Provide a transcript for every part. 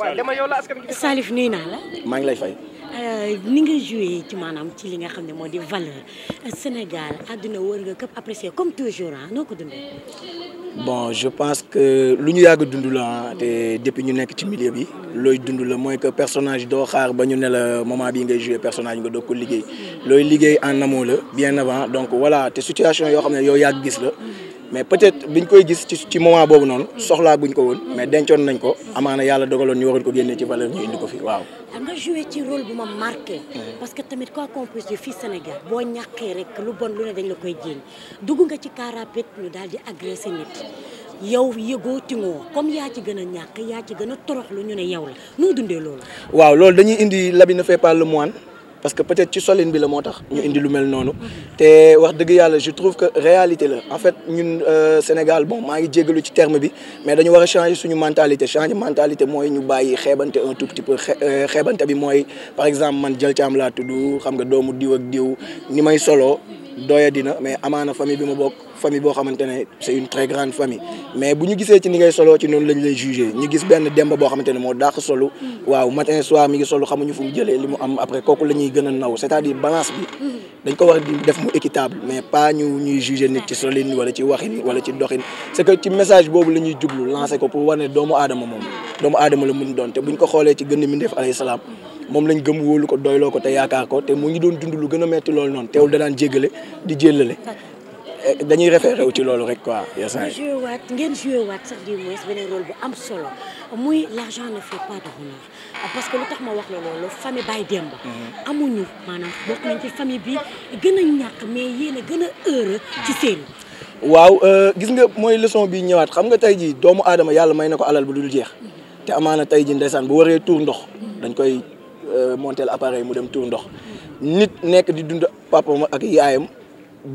waaw dama yow la askan naa la. maa ngi lay fay. Euh, ni nga joué ci maanaam ci li nga xam ne moo di valeur Sénégal àdduna wër nga këpp apprécié comme toujours ah noo ko dundee. bon je pense que lu ñu yàgg dund la te depuis ñu nekk ci milieu bi looy dundu la mooy que personage doo xaar ba ñu ne la moment bii ngay joué personnage nga doo ko liggéey looy liggéey en amont la bien avant donc wala te situation yoo xam ne yow yàgg gis la. mais peut-être bi biñ koy gis ci ci moment boobu noonu soxlaa guñ ko woon mais dencoon nañ ko amaana yàlla dogaloon ñu waroon ko génnee ci valeur ñu indi ko fi waaw. Ah, nga joué ci rôle bu ma marqué. parce que tamit quoi qu'on puisse dire fii Sénégal boo ñàkkee rek lu bon lu ne dañ la koy jéem dugg nga ci car rapide ñu daal di agressé nit yow yëgoo tingoo comme yaa ci gën a ñàkk yaa ci gën a torox lu ñu ne yow la nu dundee loolu. waaw loolu dañuy indi l'habit ne fait pas le parce que peut-être ci solin bi la moo tax ñu indi lu mel noonu mm-hmm. te wax dëgg yàlla je trouve que réalité la en fait ñun euh, Sénégal bon maa ngi jégalu ci terme bi mais dañu war a changer suñu mentalité changer mentalité mooy ñu bàyyi xeebante un tout petit peu euh, xeebante bi mooy par exemple man jël caam laa tudd xam nga doomu diw ak diw ni may solo doya dina mais amaana famille bi ma bokk famille boo xamante ne c'est une très grande famille mais bu ñu gisee ci ni ngay soloo ci noonu lañ lay jugé ñu gis benn demba boo xamante ne moo dàq solu waaw matin soir mi ngi solu xamuñu fu mu jëlee li mu am après kooku la ñuy gën a naw c'est-à-dire balance bi dañ ko wax di def mu équitable mais pas ñu ñuy jugé nit ci solin wala ci waxin wala ci doxin ce que ci message boobu la ñuy jublu lancé ko pou wane doomu aadama moom doomu aadama la mun doon te buñ ko xoolee ci gën a mindeef alayhi salaam moom lañ gëm wóolu ko doyloo ko te yaakaar ko te mu ngi doon dund lu gën a metti loolu noonu teewul danaan jéggale di jéllale eh, dañuy référé wu ci loolu rek quoi. yasa yi am solo muy l' argent parce que lu tax ma wax la loolu famille Baye Demba. Mhm. amuñu maanaam bokk nañ ci famille bi gën a ñàkk mais yéen gën a heure ci seen waaw euh, gis nga mooy leçon bi ñëwaat xam nga tey jii doomu aadama yàlla may na ko alal bu dul jeex. te amaana tey ji ndeysaan bu waree tour ndox dañ koy euh, monter appareil mu dem tuur ndox nit nekk di dund papam ak yaayam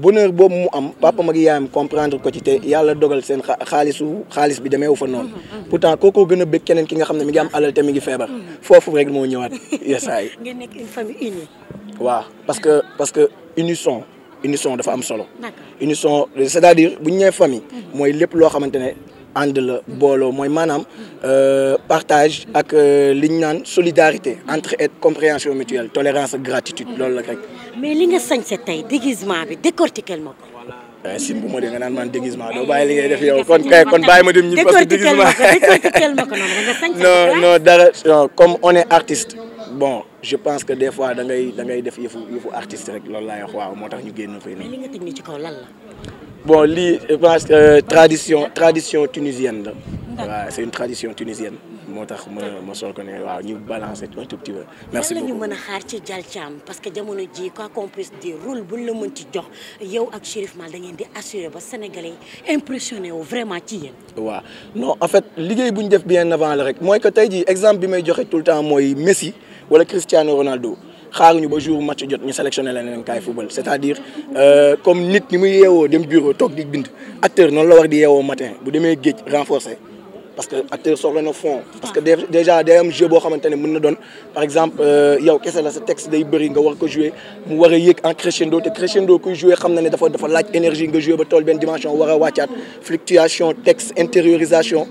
bonheur boobu mu am papam ak yaayam comprendre ko ci te yàlla dogal seen xaalisu xaalis bi demeewu fa noonu mm-hmm, mm-hmm. pourtant kookoo koo a bëgg keneen ki nga xam ne mi ngi am alal te mi ngi feebar mm-hmm. foofu rek moo ñëwaat yesaay ngeen nekk waaw parce que parce que unisson unisson dafa am solo unisson c'est-à-dire bu ñu nee famille mooy lépp loo xamante ne ànd la booloo mooy maanaam euh, partage ak euh, li ñu naan solidarité entraide compréhension mutuelle tolérance ak gratitude loolu la rek. mais li nga sañse tey déguisement bi décortiquel ma ko. Euh, si bu ma dee nga naan man déguisement doo bàyyi li ngay def yow kon kon bàyyi ma dem ñu parce que déguisement non non dara non comme on est artiste bon je pense que des fois da ngay da ngay def yëfu yëfu artiste rek loolu laay wax waaw moo tax ñu génn fay. mais li nga teg nii ci kaw lan la. bon lii je pense euh, tradition tradition tunisienne la. waaw c'est une tradition tunisienne. moo tax ma ma soog ko ne waaw ñu balancer un tout petit peu. merci beaucoup lan a xaar ci Dial Thiam parce que jamono ji quoi qu'on puisse dire rôle la mën ci jox yow ak Chérif Mal da ngeen di assurer ba sénégalais impressionné wu vraiment ci yéen. waaw non en fait liggéey bu ñu def bien avant la rek mooy que tey jii exemple bi may joxe tout le temps mooy Messi wala Cristiano Ronaldo. xaaruñu ba jour match jot ñu sélectionné leen leen kaay football c'est-à-dire euh, comme nit ñi muy yeewoo dem bureau toog di bind acteur noonu la war di yeewoo matin bu demee géej renforcé parce que acteur soxla na fond parce que déjà day am jeu xamante ne mën na doon par exemple euh, yow kese la day bëri nga war ko jouer mu war a en crescendo te crescendo kuy jouer xam na ne dafa dafa laaj énergie nga jouer ba tool benn dimension war a wàccaat fluctuation texte intériorisation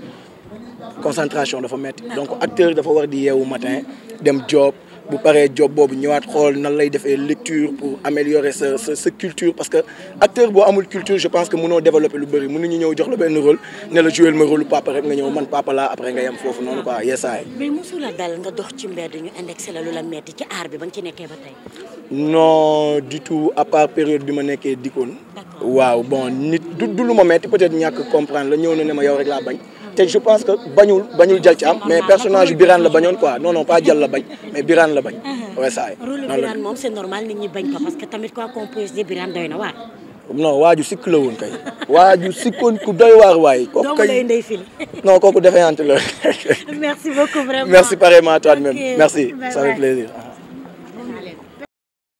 concentration dafa métti donc acteur dafa war di yeewu matin dem job bu paree job boobu ñëwaat xool nan lay defee lecture pour améliorer sa sa culture parce que acteur boo amul culture je pense que mënoo développer lu bëri mënuñu ñëw jox la benn rôle ne la jouer ma rôle papa rek nga ñëw man papa laa après nga yem foofu noonu quoi yesaay. mais mosul la dal nga dox ci mbedd metti ci art bi ba nga ci nekkee ba tey. non du tout à période bi ma nekkee dikkoon. waaw bon nit du lu ma metti peut-être ñàkk comprendre la ñëw na ne ma yow rek laa bañ. te je pense que bañul bañul jal ci am mais personnage Birane la bañoon quoi non non pas jal la bañ mais Birane la bañ. waaye saa yi rôle Birane moom c'est normal nit ñi bañ ko parce tamit quoi qu'on puisse dire Birane doy na waar. non waaju sikk la woon kay. waaju sikkoon ku doy waar waay. ko kay non ko ku ante la. merci beaucoup vraiment merci pareillement à toi merci. ça fait plaisir.